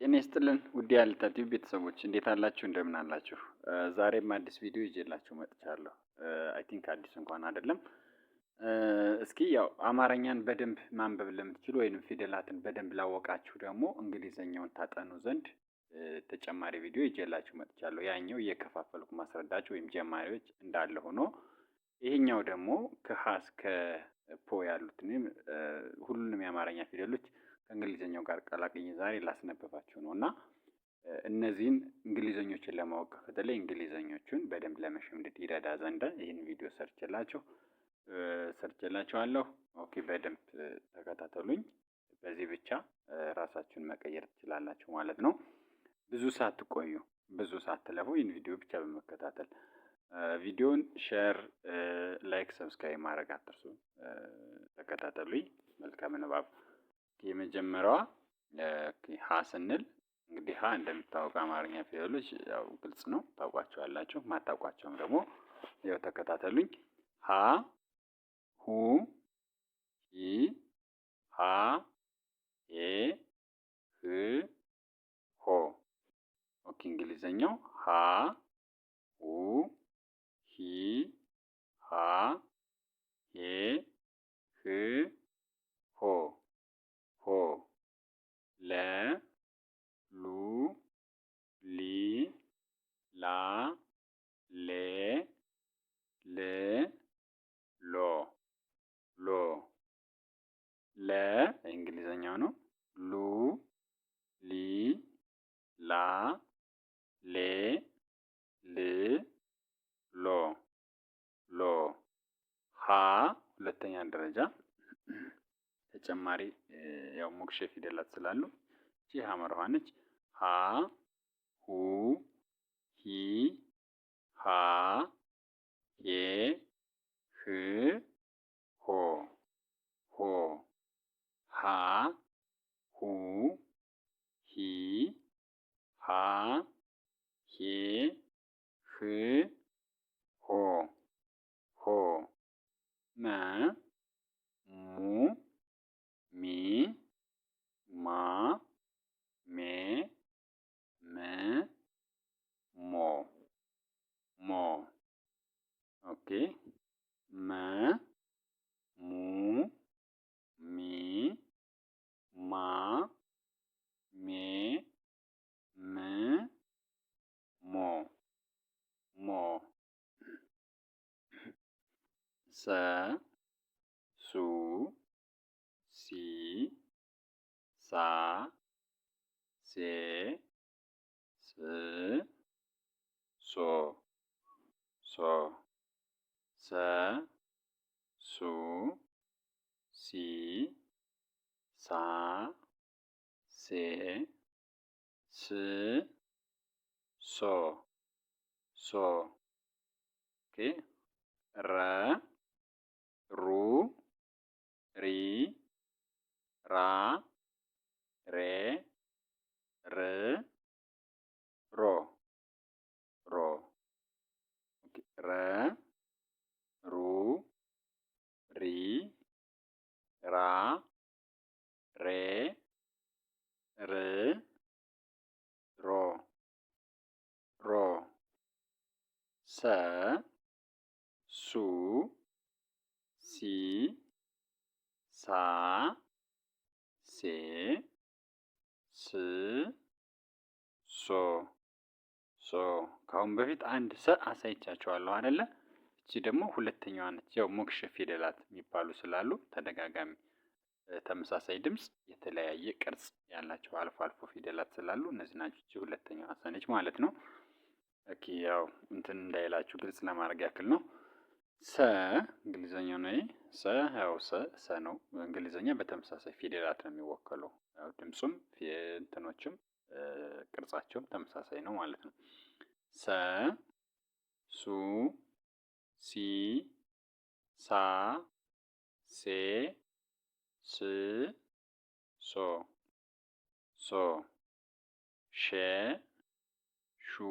ጤና ይስጥልን ውድ ያልታ ቤተሰቦች እንዴት አላችሁ? እንደምን አላችሁ? ዛሬም አዲስ ቪዲዮ ይዤላችሁ መጥቻለሁ። አይ ቲንክ አዲስ እንኳን አይደለም። እስኪ ያው አማርኛን በደንብ ማንበብ ለምትችሉ ወይም ፊደላትን በደንብ ላወቃችሁ ደግሞ እንግሊዘኛውን ታጠኑ ዘንድ ተጨማሪ ቪዲዮ ይዤላችሁ መጥቻለሁ። ያኛው እየከፋፈልኩ ማስረዳችሁ ወይም ጀማሪዎች እንዳለ ሆኖ ይሄኛው ደግሞ ከሀ እስከ ፖ ያሉትን ሁሉንም የአማርኛ ፊደሎች ከእንግሊዝኛው ጋር ቀላቅዬ ዛሬ ላስነበባችሁ ነው እና እነዚህን እንግሊዘኞችን ለማወቅ በተለይ እንግሊዘኞቹን በደንብ ለመሸምደድ ይረዳ ዘንዳ ይህን ቪዲዮ ሰርችላችሁ ሰርችላችኋለሁ። ኦኬ፣ በደንብ ተከታተሉኝ። በዚህ ብቻ ራሳችሁን መቀየር ትችላላችሁ ማለት ነው። ብዙ ሳትቆዩ ብዙ ሳትለፉ ይህን ቪዲዮ ብቻ በመከታተል ቪዲዮን ሼር፣ ላይክ፣ ሰብስክራይብ ማድረግ አትርሱ። ተከታተሉኝ። መልካም ንባብ የመጀመሪያዋ ሀ ስንል እንግዲህ ሀ እንደሚታወቀው አማርኛ ፊደሎች ያው ግልጽ ነው፣ ታውቋቸው ታውቋቸዋላችሁ። ማታውቋቸውም ደግሞ ያው ተከታተሉኝ። ሀ ሁ ሂ ሃ ሄ ህ ሆ። ኦኬ እንግሊዘኛው ሀ ሁ ሂ ሃ ሄ ህ ሆ ሆ ለ ሉ ሊ ላ ሌ ል ሎ ሎ ለ የእንግሊዘኛው ነው። ፊደላት ስላሉ ይቺ ሀመርሃ ነች። ሀ ሁ ሂ ሃ ሰ ሱ ሲ ሳ ሴ ስ ሶ ሶ ሰ ሱ ሲ ሳ ሴ ስ ሶ ሶ ኦኬ ረ ሩ ሪ ራ ሬ ር ሮ ሮ ረ ሩ ሪ ራ ሬ ር ሮ ሮ ሰ ሱ ሲ ሳ ሴ ስ ሶ ሶ ከአሁን በፊት አንድ ሰ አሳይቻቸዋለሁ አደለ? እቺ ደግሞ ሁለተኛዋ ነች። ያው ሞክሸ ፊደላት የሚባሉ ስላሉ ተደጋጋሚ ተመሳሳይ ድምፅ የተለያየ ቅርጽ ያላቸው አልፎ አልፎ ፊደላት ስላሉ እነዚህ ናቸው። እቺ ሁለተኛዋ ሰ ነች ማለት ነው። ያው እንትን እንዳይላችሁ ግልጽ ለማድረግ ያክል ነው። ሰ እንግሊዘኛው ነው። ሰ ያው ሰ ሰ ነው እንግሊዘኛ በተመሳሳይ ፊደላት ነው የሚወከለው። ያው ድምፁም እንትኖችም ቅርጻቸውም ተመሳሳይ ነው ማለት ነው። ሰ ሱ ሲ ሳ ሴ ስ ሶ ሶ ሼ ሹ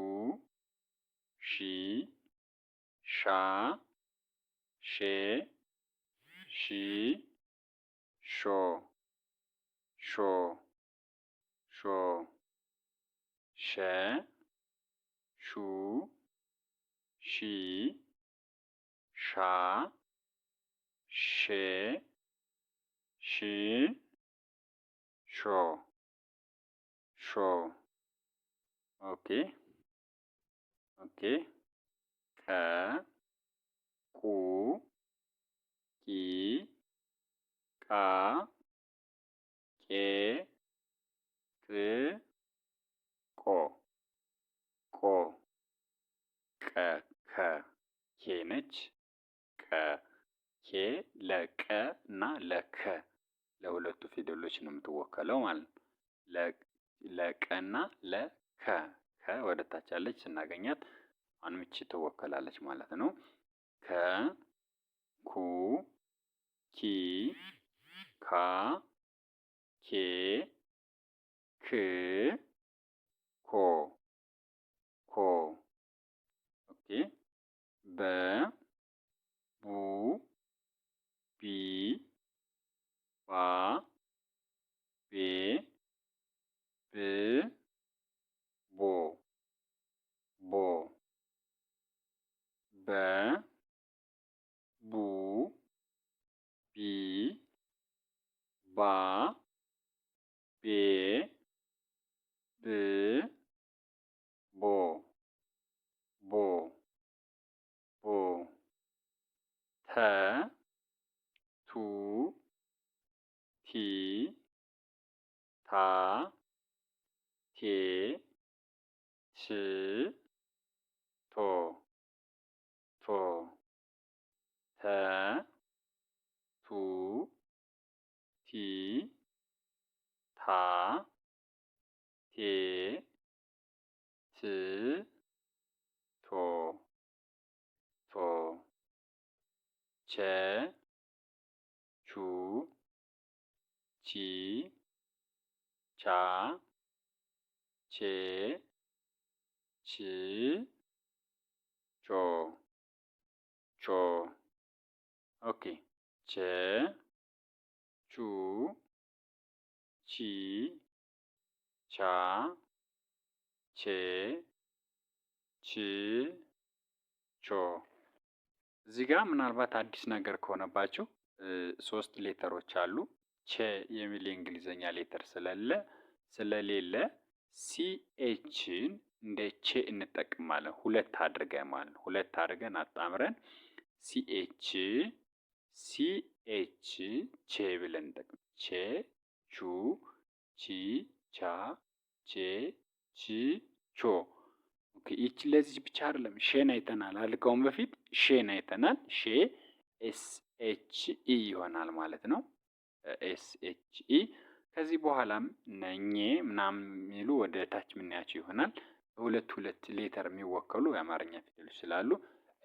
ሺ ሻ ሼ ሺ ሾ ሾ ሾ ሸ ሹ ሺ ሻ ሼ ሺ ሾ ሾ ኦኬ ኦኬ ከ ቁ ቂ ቃ ቄ ቅ ቆ ቆ ቀ ከ ኬ ነች። ቀ ኬ ለቀ እና ለከ ለሁለቱ ፊደሎች ነው የምትወከለው ማለት ነው። ለቀና ለከ ከ ወደ ታች ያለች ስናገኛት አንምቺ ትወከላለች ማለት ነው። ከ ኩ ኪ ካ ኬ ክ ኮ ኮ ኦኬ በ ቡ ቢ ባ ቤ ብ ቦ ቦ በ 무, 비, 바, 비, 르, 모, 모, 모, 태, 두, 티, 다, 티, 치, 도, 도. 대, 부, 디, 다, 디, 지, 도, 도, 제, 주, 지, 자, 제, 지, 조, 조. ኦኬ ቼ ቹ ቺ ቻ ቼ ቺ ቾ እዚህ ጋር ምናልባት አዲስ ነገር ከሆነባችሁ ሶስት ሌተሮች አሉ። ቼ የሚል የእንግሊዝኛ ሌተር ስለለ ስለሌለ ሲኤችን እንደ ቼ እንጠቅማለን። ሁለት አድርገን ማለት ሁለት አድርገን አጣምረን ሲኤች ሲኤች ቼ ብለን እንጠቅም። ቼ ቹ ቺ ቻ ቼ ቺ ቾ። ኦኬ ለዚህ ብቻ አይደለም፣ ሼን አይተናል። አልቀውም በፊት ሼን አይተናል። ሼ ኤስ ኤች ኢ ይሆናል ማለት ነው። ኤስ ኤች ኢ ከዚህ በኋላም ነኜ ምናምን የሚሉ ወደ ታች የምናያቸው ይሆናል። በሁለት ሁለት ሌተር የሚወከሉ የአማርኛ ፊደሎች ስላሉ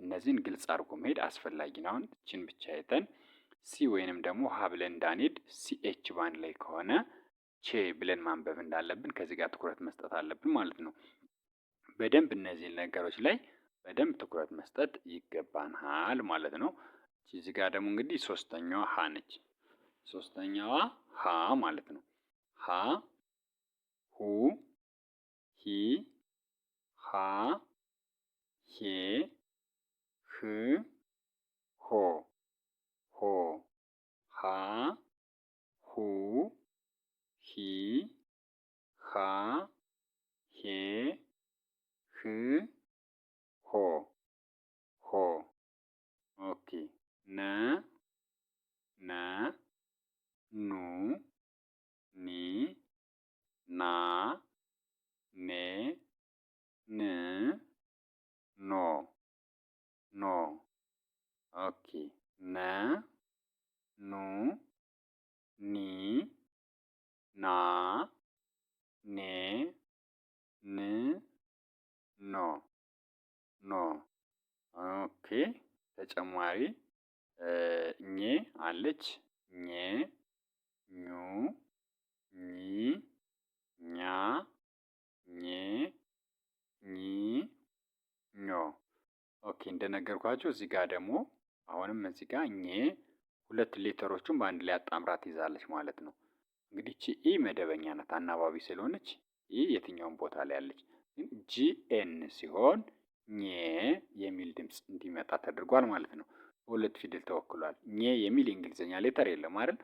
እነዚህን ግልጽ አድርጎ መሄድ አስፈላጊ ነው። አሁን እችን ብቻ አይተን ሲ ወይንም ደግሞ ሀ ብለን እንዳንሄድ ሲኤች ባንድ ላይ ከሆነ ቼ ብለን ማንበብ እንዳለብን ከዚህ ጋር ትኩረት መስጠት አለብን ማለት ነው። በደንብ እነዚህ ነገሮች ላይ በደንብ ትኩረት መስጠት ይገባናል ማለት ነው። እዚህ ጋር ደግሞ እንግዲህ ሶስተኛዋ ሀ ነች። ሶስተኛዋ ሀ ማለት ነው። ሀ ሁ ሂ ሃ ሄ ህ ሆ ሆ ሃ ሁ ሂ ሃ ሄ ህ ሆ ሆ ኦኬ ነ ነ ኑ ኒ ና ኦኬ ነ ኑ ኒ ና ኔ ን ኖ ኖ ኦኬ ተጨማሪ እኜ አለች ኜ ኙ ኚ ኛ ኜ ኚ ኞ ኦኬ እንደነገርኳችሁ እዚህ ጋር ደግሞ አሁንም እዚህ ጋር እኘ ሁለት ሌተሮቹን በአንድ ላይ አጣምራ ትይዛለች ማለት ነው። እንግዲህ ቺ ኢ መደበኛ ናት አናባቢ ስለሆነች ኢ የትኛውን ቦታ ላይ ያለች ጂ ኤን ሲሆን ኘ የሚል ድምፅ እንዲመጣ ተደርጓል ማለት ነው። በሁለት ፊደል ተወክሏል። ኘ የሚል የእንግሊዝኛ ሌተር የለም አይደል?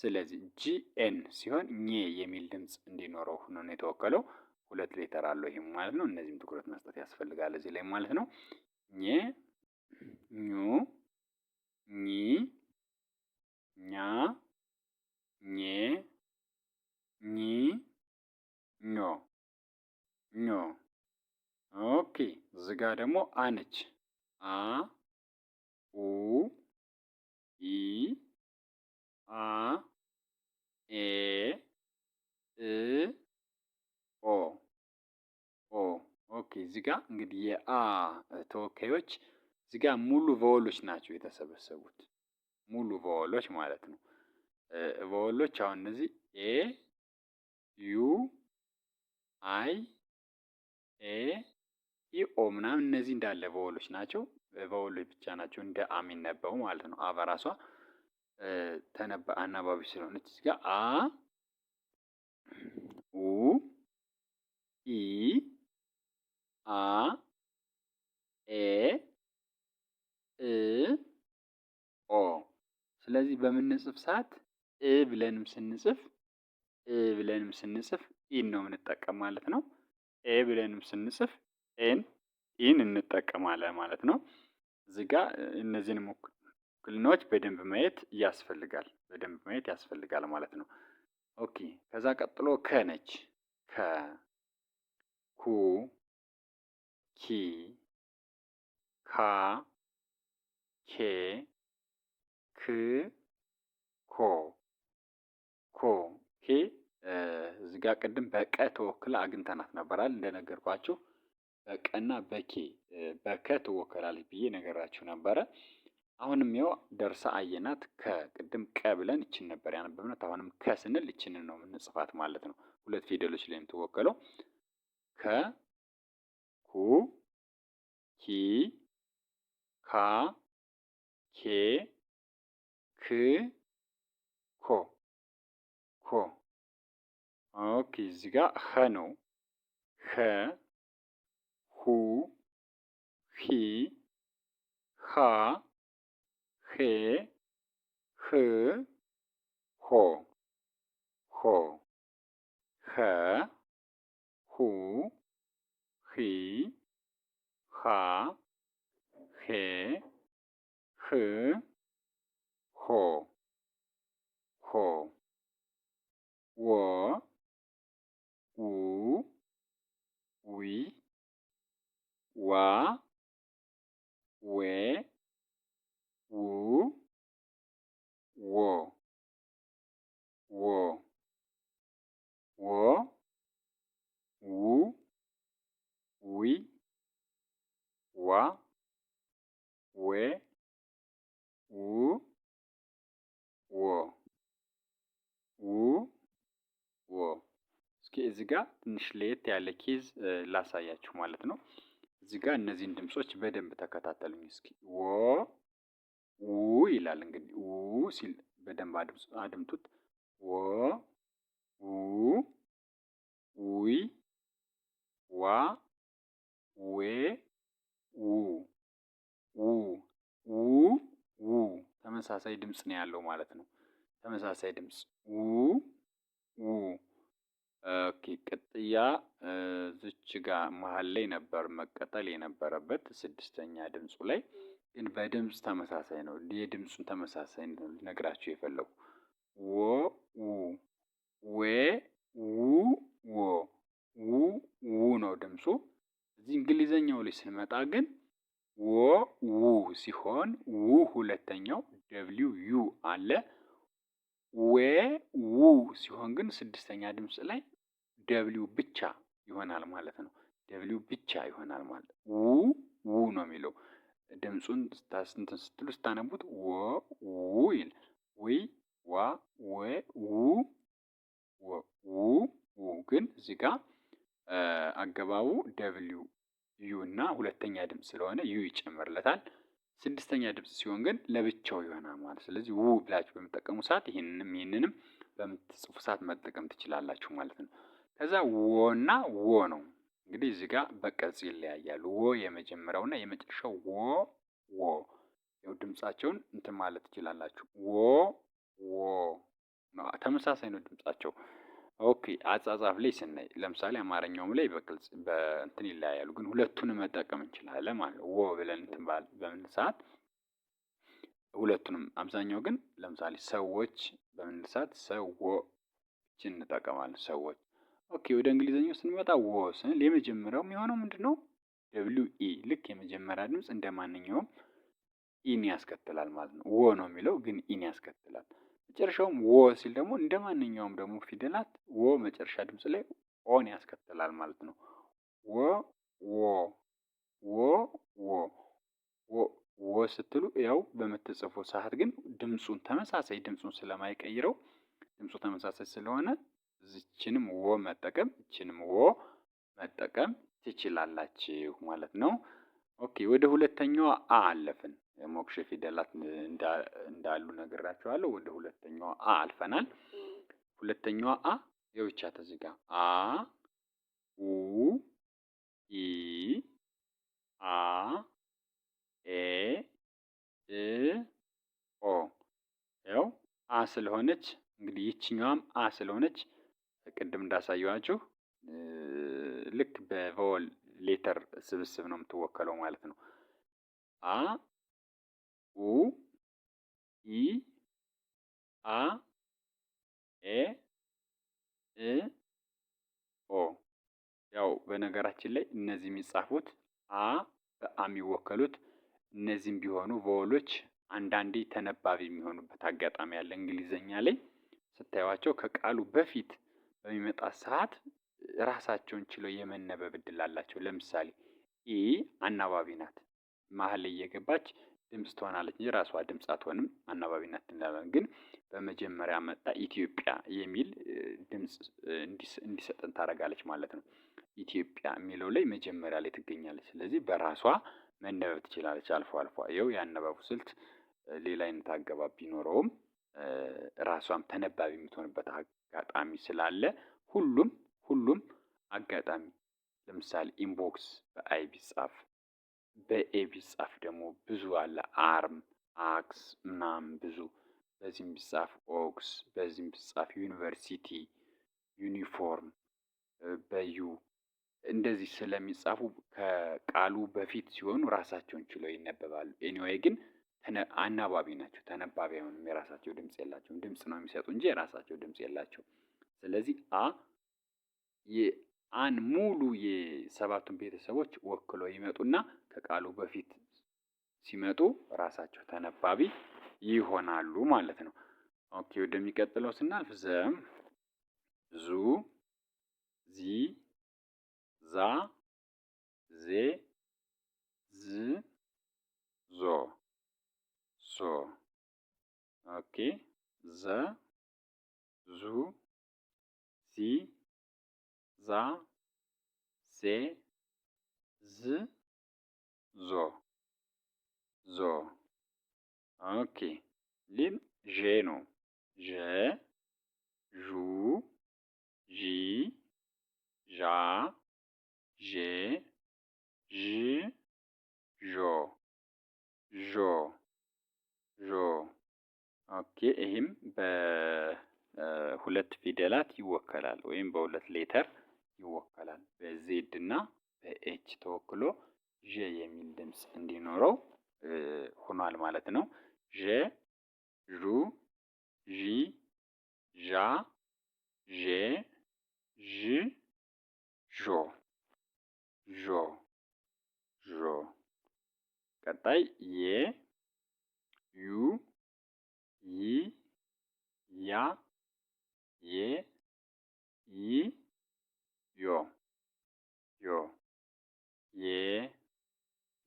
ስለዚህ ጂ ኤን ሲሆን ኘ የሚል ድምፅ እንዲኖረው ሆኖ ነው የተወከለው። ሁለት ሌተር አለው ይህም ማለት ነው። እነዚህም ትኩረት መስጠት ያስፈልጋል እዚህ ላይ ማለት ነው። ኘ ኙ ኚ ኛ ኜ ኚ ኞ ኞ። ኦኬ እዚህ ጋ ደግሞ አነች አ ኡ ኢ አ ኤ እ ኦ ኦ። ኦኬ እዚህ ጋ እንግዲህ የአ ተወካዮች እዚህ ሙሉ ቮወሎች ናቸው የተሰበሰቡት። ሙሉ ቨወሎች ማለት ነው። ቨወሎች አሁን እነዚህ ኤ ዩ አይ ኤ ኢ ኦ ምናምን እነዚህ እንዳለ ቮወሎች ናቸው። ቮወሎች ብቻ ናቸው እንደ አ የሚነበቡ ማለት ነው። አ በራሷ ተነባ አናባቢ ስለሆነች እዚህ አ ኡ ኢ አ ኤ እ ኦ። ስለዚህ በምንጽፍ ሰዓት እ ብለንም ስንጽፍ እ ብለንም ስንጽፍ ኢን ነው የምንጠቀም ማለት ነው። ኤ ብለንም ስንጽፍ ኤን ኢን እንጠቀማለን ማለት ነው። እዚህ ጋ እነዚህን ውክልናዎች በደንብ ማየት ያስፈልጋል። በደንብ ማየት ያስፈልጋል ማለት ነው። ኦኬ ከዛ ቀጥሎ ከ ነች። ከ ኩ ኪ ካ ኬ ክ ኮ ኮ ኬ እዚህ ጋር ቅድም በቀ ተወክላ አግኝተናት ነበራል። እንደነገርኳችሁ በቀና በኬ በከ ትወከላለች ብዬ ነገራችሁ ነበረ። አሁንም ያው ደርሳ አየናት። ከቅድም ቀ ብለን ይችን ነበር ያነበብናት። አሁንም ከ ስንል ይችንን ነው የምንጽፋት ማለት ነው። ሁለት ፊደሎች ላይ የምትወከለው ከ ኩ ኪ ካ ኬ ክ ኮ ኮ። ኦኬ እዚህ ጋር ኸ ነው። ኸ ሁ ሂ ሃ ሄ ህ ሆ ሆ ኸ ሁ ሂ ሃ ሄ ህ ሆ ሆ ወ ው ዊ ዋ ዌ ው ዎ ዎ ዎ ው ዊ ዋ ዌ ው ወ ው ወ። እስኪ እዚህ ጋር ትንሽ ለየት ያለ ኬዝ ላሳያችሁ ማለት ነው። እዚህ ጋር እነዚህን ድምጾች በደንብ ተከታተሉኝ እስኪ። ወ ው ይላል እንግዲህ ው ሲል በደንብ አድምጡት። ወ ው ዊ ዋ ዌ ው ው ው ው ተመሳሳይ ድምፅ ነው ያለው ማለት ነው። ተመሳሳይ ድምፅ ው ው። ኦኬ ቅጥያ ዝች ጋር መሀል ላይ ነበር መቀጠል የነበረበት ስድስተኛ ድምፁ ላይ ግን በድምፅ ተመሳሳይ ነው። የድምፁን ተመሳሳይ ልነግራችሁ የፈለጉ ወ ው ዌ ው ወ ው ው ነው ድምፁ። እዚህ እንግሊዘኛው ላይ ስንመጣ ግን ዎ ው ሲሆን ው ሁለተኛው ደብሊው ዩ አለ። ዌ ው ሲሆን ግን ስድስተኛ ድምፅ ላይ ደብሊው ብቻ ይሆናል ማለት ነው። ደብሊው ብቻ ይሆናል ማለት ው ው ነው የሚለው ድምፁን ስንትን ስትሉ ስታነቡት ወ ው ይል ወይ ዋ ወ ው ው ው ግን እዚህ አገባቡ ደብሊው ዩ እና ሁለተኛ ድምፅ ስለሆነ ዩ ይጨመርለታል። ስድስተኛ ድምፅ ሲሆን ግን ለብቻው ይሆናል ማለት። ስለዚህ ው ብላችሁ በምጠቀሙ ሰዓት ይህንንም ይህንንም በምትጽፉ ሰዓት መጠቀም ትችላላችሁ ማለት ነው። ከዛ ወ እና ወ ነው እንግዲህ እዚህ ጋር በቅርጽ ይለያያሉ። ወ የመጀመሪያው እና የመጨረሻው ወ ወ ያው ድምፃቸውን እንትን ማለት ትችላላችሁ። ወ ወ ተመሳሳይ ነው ድምፃቸው። ኦኬ አጻጻፍ ላይ ስናይ ለምሳሌ አማርኛውም ላይ በግልጽ በእንትን ይለያያሉ፣ ግን ሁለቱን መጠቀም እንችላለን ማለት ነው። ወ ብለን እንትን በምን ሰዓት ሁለቱንም አብዛኛው ግን ለምሳሌ ሰዎች በምን ሰዓት ሰዎች እንጠቀማለን። ሰዎች ኦኬ። ወደ እንግሊዝኛው ስንመጣ ወ ስንል የመጀመሪያው የሚሆነው ምንድን ነው? ደብሊው ኢ ልክ የመጀመሪያ ድምፅ እንደ ማንኛውም ኢን ያስከትላል ማለት ነው። ወ ነው የሚለው ግን ኢን ያስከትላል። መጨረሻውም ወ ሲል ደግሞ እንደ ማንኛውም ደግሞ ፊደላት ወ መጨረሻ ድምፅ ላይ ኦን ያስከትላል ማለት ነው። ወ ወ ወ ወ ወ ስትሉ ያው በምትጽፉ ሰዓት ግን ድምፁን ተመሳሳይ ድምፁን ስለማይቀይረው ድምፁ ተመሳሳይ ስለሆነ እዚችንም ወ መጠቀም እችንም ወ መጠቀም ትችላላችሁ ማለት ነው። ኦኬ ወደ ሁለተኛዋ አ አለፍን። ሞክሼ ፊደላት እንዳሉ ነግራችኋለሁ። ወደ ሁለተኛዋ አ አልፈናል። ሁለተኛዋ አ የብቻ ተዝጋ አ ኡ ኢ አ ኤ እ ኦ ያው አ ስለሆነች እንግዲህ ይችኛዋም አ ስለሆነች ቅድም እንዳሳየኋችሁ ልክ በቮል ሌተር ስብስብ ነው የምትወከለው ማለት ነው። አ ኡ ኢ አ ኤ እ ኦ ያው በነገራችን ላይ እነዚህ የሚጻፉት አ በአ የሚወከሉት እነዚህም ቢሆኑ ቮወሎች አንዳንዴ ተነባቢ የሚሆኑበት አጋጣሚ አለ። እንግሊዘኛ ላይ ስታዩቸው ከቃሉ በፊት በሚመጣ ሰዓት ራሳቸውን ችለው የመነበብ እድል አላቸው። ለምሳሌ ኢ አናባቢ ናት፣ መሀል ላይ እየገባች ድምፅ ትሆናለች እንጂ ራሷ ድምፅ አትሆንም። አናባቢነት እንላለን። ግን በመጀመሪያ መጣ ኢትዮጵያ የሚል ድምፅ እንዲሰጠን ታደርጋለች ማለት ነው። ኢትዮጵያ የሚለው ላይ መጀመሪያ ላይ ትገኛለች። ስለዚህ በራሷ መነበብ ትችላለች። አልፎ አልፎ ይኸው የአነባቡ ስልት ሌላ አይነት አገባብ ቢኖረውም ራሷም ተነባቢ የምትሆንበት አጋጣሚ ስላለ ሁሉም ሁሉም አጋጣሚ ለምሳሌ ኢንቦክስ በአይ ቢጻፍ በኤ ቢጻፍ ደግሞ ብዙ አለ። አርም፣ አክስ ምናምን ብዙ። በዚህም ቢጻፍ ኦክስ፣ በዚህም ቢጻፍ ዩኒቨርሲቲ፣ ዩኒፎርም በዩ እንደዚህ ስለሚጻፉ ከቃሉ በፊት ሲሆኑ ራሳቸውን ችለው ይነበባሉ። ኤኒዌይ ግን አናባቢ ናቸው፣ ተነባቢ አይሆንም። የራሳቸው ድምፅ የላቸውም። ድምፅ ነው የሚሰጡ እንጂ የራሳቸው ድምፅ የላቸው። ስለዚህ አ የአን ሙሉ የሰባቱን ቤተሰቦች ወክሎ ይመጡና ከቃሉ በፊት ሲመጡ ራሳቸው ተነባቢ ይሆናሉ ማለት ነው። ኦኬ ወደሚቀጥለው ስናልፍ ዘ ዚ፣ ዛ፣ ዜ፣ ዝ፣ ዞ፣ ሶ። ኦኬ ዘ፣ ዙ፣ ዚ፣ ዛ፣ ዜ፣ ዝ ዞ ዞ ኦኬ። ሊም ዤ ነው። ዤ ዡ ዢ ዣ ዤ ዥ ዦ ዦ ዦ ኦኬ። ይህም በሁለት ፊደላት ይወከላል ወይም በሁለት ሌተር ይወከላል በዜድ እና በኤች ተወክሎ ዠ የሚል ድምፅ እንዲኖረው ሆኗል ማለት ነው። ዥ ዡ ዢ ዣ ዤ ዥ ዦ ዦ ዦ ቀጣይ የ ዩ ይ ያ የ ይ ዮ ዮ የ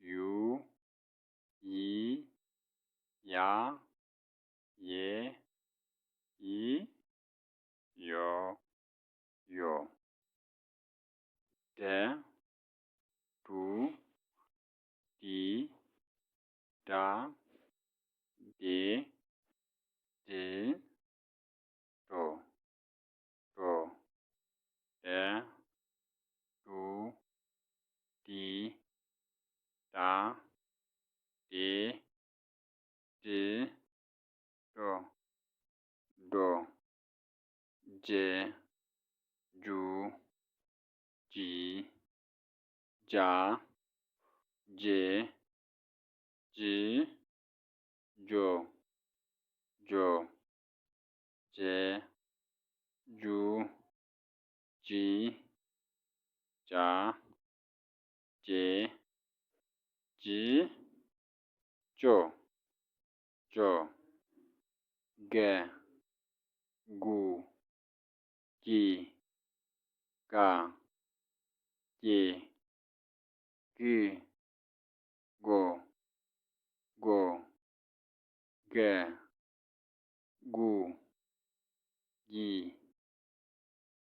ዩ ይ ያ ዬ ይ ዮ ዮ ደ ዱ ዲ ዳ ዴ ድ ዶ ዶ ደ ዱ ዲ ዳ ዴ ድ ዶ ዶ ጄ ጁ ጂ ጃ ጄ ጅ ጆ ጆ ጄ ጁ ጂ ጃ ጄ ጂ ጆ ጆ ገ ጉ ጊ ጋ ጌ ግ ጎ ጎ ገ ጉ ጊ ጋ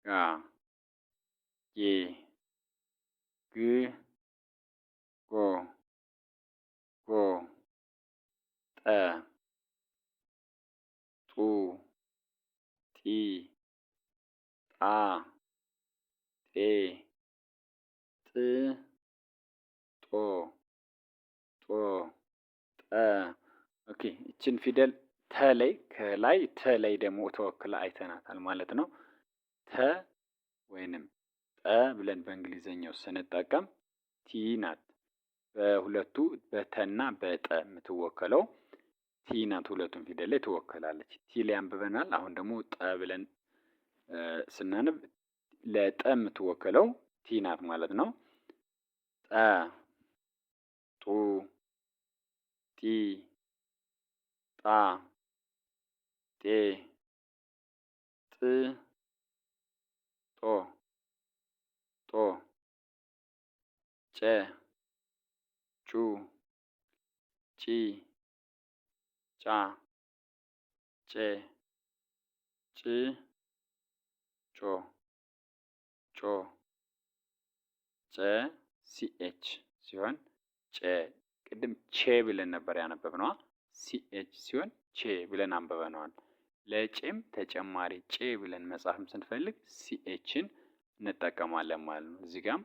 ጌ ግ ጠ ጡ ጢ ጣ ጤ ጥ ጦ ጦ ጠ ኦኬ ይችን ፊደል ተ ላይ ከላይ ተ ላይ ደግሞ ተወክላ አይተናታል ማለት ነው። ተ ወይንም ጠ ብለን በእንግሊዘኛው ስንጠቀም ቲ ናት። በሁለቱ በተና በጠ የምትወከለው ቲ ናት ሁለቱም ፊደል ላይ ትወከላለች። ቲ ላይ አንብበናል። አሁን ደግሞ ጠ ብለን ስናንብ ለጠ የምትወከለው ቲ ናት ማለት ነው። ጠ፣ ጡ፣ ጢ፣ ጣ፣ ጤ፣ ጥ፣ ጦ፣ ጦ፣ ጨ፣ ቹ፣ ጪ ጫ ጬ ጭ ጮ ጮ ጨ ሲኤች ሲሆን ጨ ቅድም ቼ ብለን ነበር ያነበብነዋ ሲኤች ሲሆን ቼ ብለን አንብበነዋል። ለጬም ተጨማሪ ጬ ብለን መጻፍም ስንፈልግ ሲኤችን እንጠቀማለን ማለት ነው። እዚህ ጋም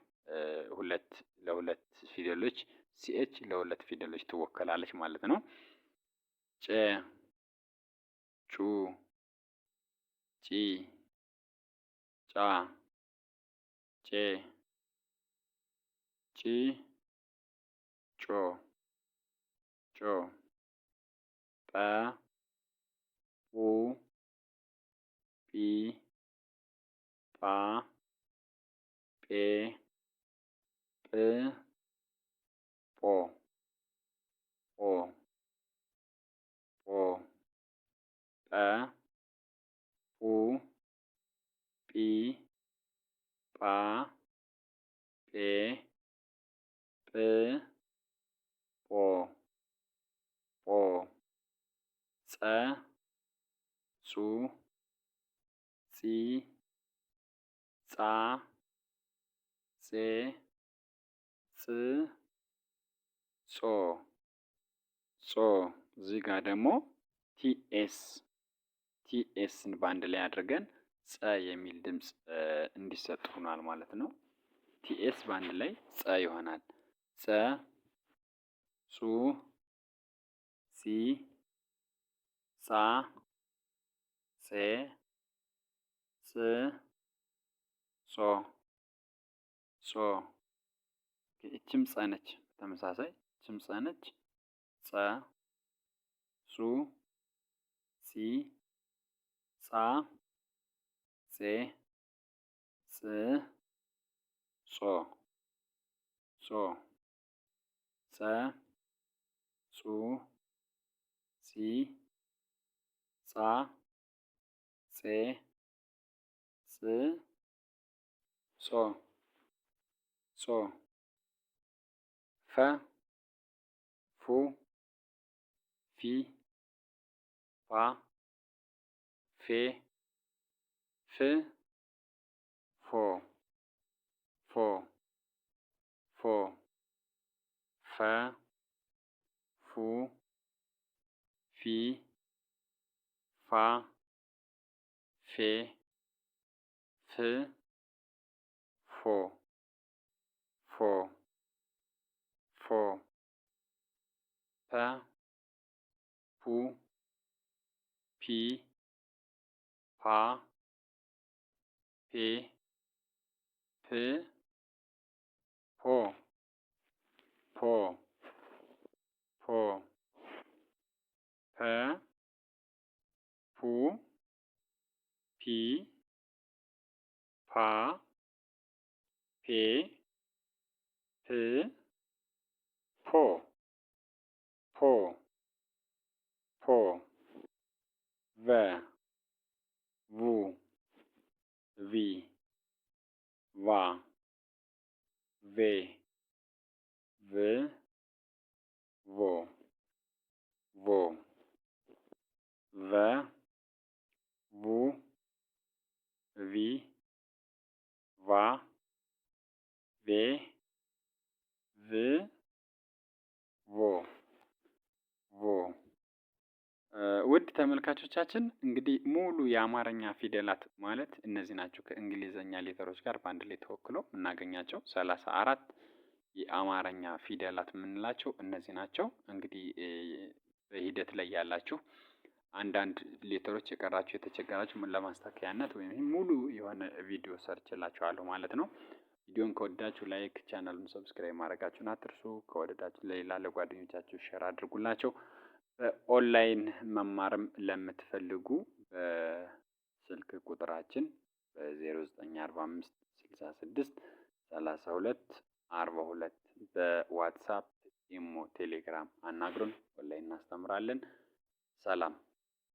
ሁለት ለሁለት ፊደሎች ሲኤች ለሁለት ፊደሎች ትወከላለች ማለት ነው። 借出记账这七九九八五八八八八五五。ሆ ጠ ፑ ጲ ጳ ጴ ጵ ጶ ጶ ጸ ጹ ጺ ጻ ጼ ጽ ጾ ጾ እዚህ ጋር ደግሞ ቲኤስ ቲኤስን በአንድ ላይ አድርገን ጸ የሚል ድምፅ እንዲሰጥ ሆኗል ማለት ነው። ቲኤስ በአንድ ላይ ጸ ይሆናል። ጸ ጹ ሲ ጻ ጼ ጽ ጾ ጾ። ይችም ጸ ነች። በተመሳሳይ ይችም ጸ ነች። ጸ ጹ ጺ ጻ ጼ ጽ ጾ ጾ ጸ ጹ ጺ ጻ ጼ ጽ ጾ ጾ ፈ ፉ ፊ ፋ ፌ ፍ ፎ ፎ ፎ ፈ ፉ ፊ ፋ ፌ ፍ ፎ ፎ ፎ ፐ ፑ P, Pa, P, Pill, Po, Po, Po, Pe, Pu, Pi, Pa, P, Pill, Po, Po, Po. V, vous, vi, va, V, V, va va vers, vous, vi, va, V, ve, ውድ ተመልካቾቻችን እንግዲህ ሙሉ የአማርኛ ፊደላት ማለት እነዚህ ናቸው። ከእንግሊዘኛ ሌተሮች ጋር በአንድ ላይ ተወክሎ የምናገኛቸው ሰላሳ አራት የአማርኛ ፊደላት የምንላቸው እነዚህ ናቸው። እንግዲህ በሂደት ላይ ያላችሁ አንዳንድ ሌተሮች የቀራችሁ የተቸገራችሁ ለማስተካከያነት ወይም ሙሉ የሆነ ቪዲዮ ሰርችላችኋለሁ ማለት ነው። ቪዲዮን ከወደዳችሁ ላይክ፣ ቻናሉን ሰብስክራይብ ማድረጋችሁን አትርሱ። ከወደዳችሁ ለሌላ ለጓደኞቻችሁ ሸር አድርጉላቸው። በኦንላይን መማርም ለምትፈልጉ በስልክ ቁጥራችን በ0945 66 32 42 በዋትሳፕ ኢሞ፣ ቴሌግራም አናግሩን። ኦንላይን እናስተምራለን። ሰላም።